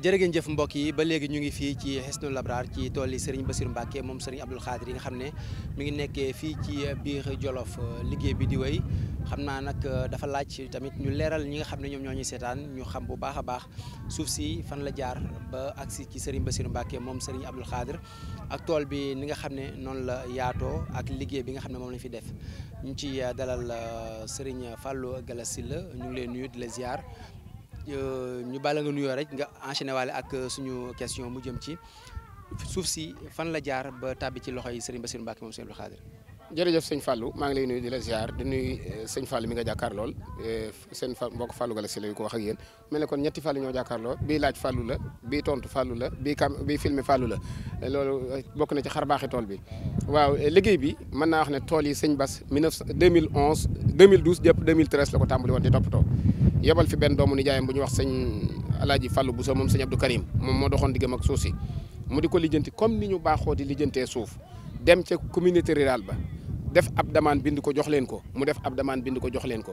jërëgéen jëf mbokk yi ba léegi ñu ngi fii ci Hisnul Abrar ci tool yi Serigne Bassirou Mbacké moom Serigne Abdoul Khadir yi nga xam ne mi ngi nekkee fii ci biir Jolof euh, liggéey bi di wéy xam naa nag euh, dafa laaj tamit ñu leeral ñi nga xam ne ñoom ñoo ñuy seetaan ñu xam bu baax a baax suuf si fan la jaar ba agsi ci Serigne Bassirou Mbacké moom Serigne Abdoul Khadir ak tool bi ni nga xam ne noonu la yaatoo ak liggéey bi nga xam ne moom lañ fi def ñu ci euh, dalal Serigne Fallou Galassila ñu ngi leen nuyu la ziar Euh, ñu bala nga nuyoo rek nga enchaîné waale ak euh, suñu question mu jëm ci suuf si fan la jaar ba tàbbi ci loxoy Serigne Bassirou Mbacké ba Serigne Abdou Khadre jërëjëf sëñ Fallou maa ngi lay nuyu di la ziar di nuyu euh, sëñ Fallou mi nga jàkkaar lool seen fa mbokk Fallou Gala si lañ ko wax ak yéen mel ne kon ñetti Fallou ñoo jàkkaarloo bii laaj Fallou la bii tontu Fallou la bii cam bii filmé Fallou la loolu bokk na ci xarbaaxi tool bi waaw liggéey bi mën naa wax ne tool yi sëñ Bass 2011 2012 jëpp 2013 la ko tàmbali woon di toppatoo yebal fi benn doomu nijaayam bu ñuy wax sëñ alaaji Fallou Bousso moom sëñ Abdou Karim moom moo doxoon diggam ak suuf si mu di ko lijanti comme ni ñu baaxoo di lijjantee suuf dem ca communauté rurale ba def ab demande bind ko jox leen ko mu def ab demande bind ko jox leen ko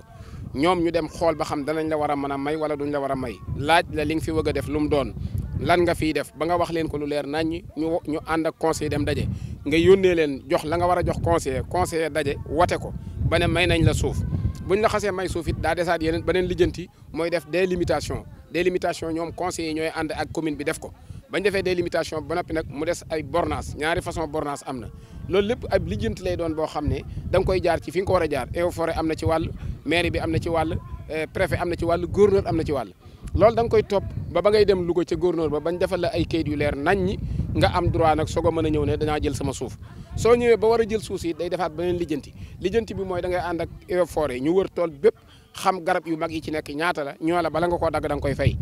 ñoom ñu dem xool ba xam danañ la war a mën a may wala duñ la war a may laaj la li nga fi bëgg a def lu mu doon lan nga fiy def ba nga wax leen ko lu leer nañ ñu ñu ànd ak conseil dem daje nga yónnee leen jox la nga war a jox conseiller conseiller daje wote ko ba ne may nañ la suuf buñ la xasee may suuf it daa desaat yeneen beneen lijjanti mooy def délimitation limitation ñoom conseillers ñooy ànd ak commune bi def ko bañ defee délimitation ba noppi nag mu des ay bornage ñaari façon bornage am na loolu lépp ab lijjanti lay doon boo xam ne danga koy jaar ci fi ko war a jaar eaux forêt am na ci wàll mairie bi am na ci wàll euh, préfet am na ci wàll gouverneur am na ci wàll loolu danga koy topp ba ba ngay dem Louga ca gouverneur ba bañ defal la ay kayit yu leer nañ ñi nga am droit nag soog a mën a ñëw ne dañaa jël sama suuf soo ñëwee ba war a jël suuf si day defaat beneen lijjanti lijjanti bi mooy da ngay ànd ak eaux forêt yi ñu wër tool bépp xam garab yu mag yi ci nekk ñaata la ñoo la bala nga koo dagg da nga koy fay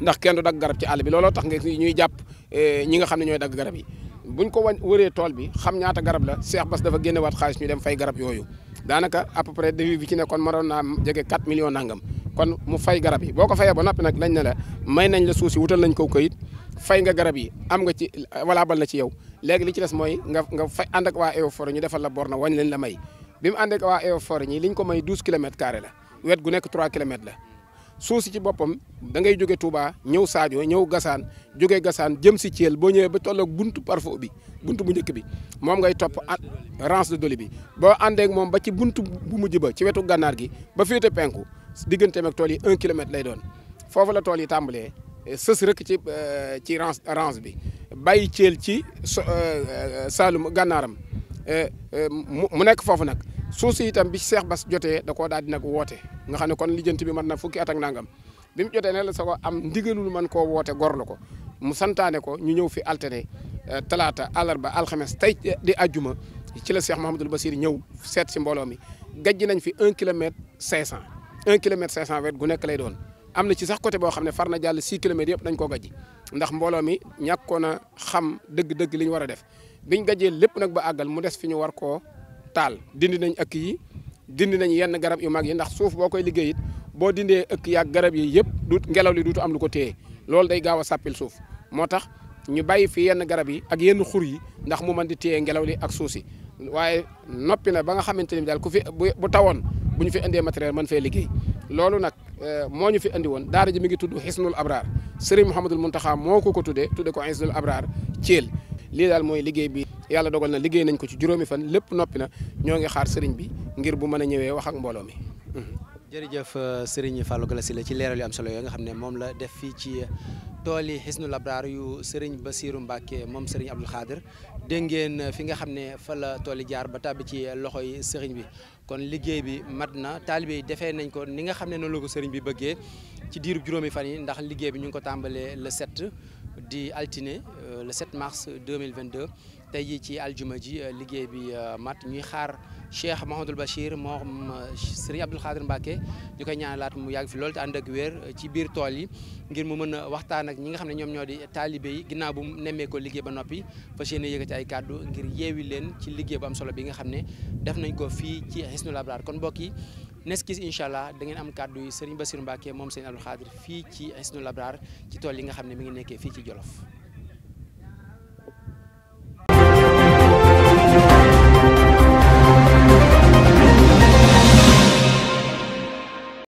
ndax kenn dagg garab ci àll bi looloo tax nga ñuy jàpp eh, ñi nga xam ne ñooy dagg garab yi buñ ko wañ wëree tool bi xam ñaata garab la Cheikh Bass dafa génne waat xaalis ñu dem fay garab yooyu daanaka à peu près devis bi ci nekkoon maroon naa jege 4 millions nangam kon mu fay garab yi boo ko fayee ba noppi nag lañ ne la may nañ la suuf si wutal nañ ko këyit fay nga garab yi am nga ci walaabal na ci yow léegi li ci des mooy nga nga fay ànd ak waa EOFOR ñu defal la borne wañ leen la may bi mu ànd ak waa EOFOR ñi liñ ko may 12 kilomètres carré la wet gu nekk 3 kilomètres la suuf si ci boppam dangay ngay jóge Touba ñëw saajo ñëw gasaan jóge gasaan jëm si Thiel boo ñëwee ba tolloog buntu parfo bi buntu bu njëkk bi moom ngay topp rance de doli bi boo àndee ak moom ba ci buntu bu mujj ba ci wetu gànnaar gi ba féete penku digganteem ak tool yi 1 kilomètre lay doon foofu la tool yi tàmbalee sës rek ci euh, ci range bi bàyyi Thiel ci euh, euh, Saalum gànnaaram mu nekk foofu nag suuf si itam bi Cheikh bas jotee da koo daal di nag woote nga xam ne kon lijjanti bi mën na fukki at ak nangam bi mu jotee ne soo sa ko am ndigalul ko koo gor la ko mu santaane ko ñu ñëw fi alterné talaata àllarba alxames tey di ajjuma ci la Cheikh Mouhamadul Basir ñëw seet si mbooloo mi gajj nañ fi un kilomètre cinq cent un kilomètre cinq cent wet gu nekk lay doon am na ci sax côté boo xam ne far na jàll 6 kilomètres yëpp ko koo gajji ndax mbooloo mi ñàkkoon xam dëgg-dëgg li ñu war a def biñ gajjee lépp nag ba àggal mu des fi ñu war ko taal dindi nañ ëkk yi dindi nañ yenn garab yu mag yi ndax suuf boo koy liggéey boo dindee ëkk yaag garab yi yëpp du ngelaw li duutu am lu ko téye loolu day gaaw a sàppil suuf moo tax ñu bàyyi fi yenn garab yi ak yenn xur yi ndax mu mën di téye ngelaw li ak suuf si waaye noppi na ba nga xamante ni daal ku fi bu tawoon bu ñu fi indee matériel mën fee liggéey loolu nag euh, moo ñu fi andi woon daara ji mi ngi tudd xisnul abraar sëriñ Mouhamadul Muntaxa moo ko ko tuddee tudde ko xisnul abraar Thiel lii daal mooy liggéey bi yàlla dogal na liggéey nañ ko ci juróomi fan lépp noppi na ñoo ngi xaar sëriñ bi ngir bu mën a ñëwee wax ak mbooloo mi jërëjëf euh, sëriñ Fallou Gallassi la ci leeral yu am solo yoo nga xam ne moom la def fii ci tool yi Hisnul Abraar yu ba siiru Mbacke moom Serigne Abdoul Khadir dégg ngeen euh, fi nga xam ne fa la tool yi jaar ba tàbbi ci euh, loxo yi Serigne bi kon liggéey bi mat na taalibe yi defee nañ ko ni nga xam ne noonu la ko bi bëggee ci diirub juróomi fan yi ndax liggéey bi ñu ngi ko tàmbalee le 7 di altine euh, le 7 mars 2022. tey jii ci aljuma ji euh, liggéey bi euh, mat ñuy xaar Cheikh Mahamadul Bachir moom euh, Serigne Abdoul Khadir Mbacke ñu koy ñaanalaat mu yàgg fi loolu te ànd ak wér ci biir tool yi ngir mu mën a waxtaan ak ñi nga xam ne ñoom ñoo di taalibe yi ginnaaw bu nemmee ko liggéey ba noppi fas yéene yëkkati ay kàddu ngir yeewi leen ci liggéey bu am solo bi nga xam ne def nañ ko fii ci Hisnul Abrar kon mbokk yi neskis incha allah dangeen am kàddu yi Serigne Bassirou Mbacke moom Serigne Abdoul Khadir fii ci Hisnul Abrar ci tool yi nga xam ne mi ngi nekkee fii ci Jolof